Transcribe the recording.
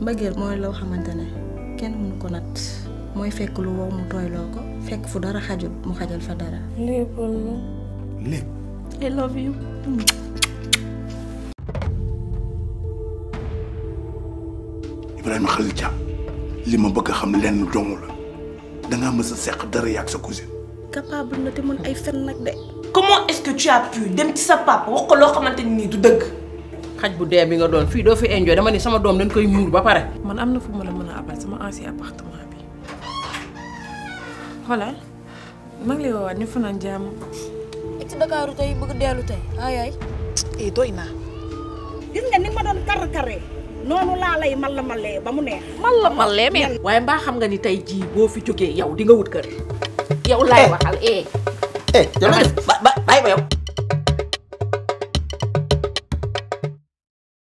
mbëggeel mooy loo xamante ne kenn mënu ko nat mooy fekk lu wow mu tooyloo ko fekk fu dara xajul mu xajal fa dara. lépp lépp. I love you. Ibrahima Khalil Thiam li ma bëgg a xam lenn doomu la dangaa mës a seq dara yàgg sa cousine. capable na te mën ay fen nag de. comment est-ce que tu as pu dem ci sa papa wax ko loo xamante ni du dëgg. xaj bu dee bi nga doon fi do fi enjoy dama ni sama dom dañ koy mur ba paré man amna fu ma mëna abal sama ancien appartement bi hola maa ngi lay woowaat ñu fanaan jam ci dakaru tay bëgg délu tay ay ay. e doy naa. gis nga ni ma doon kar karé nonu la lay mal malé ba mu neex. mal malé mi mais. waaye xam nga ni tay ji bo fi joggé yow di nga wut kër. yow lay eh. waxal eh. eh ba ba.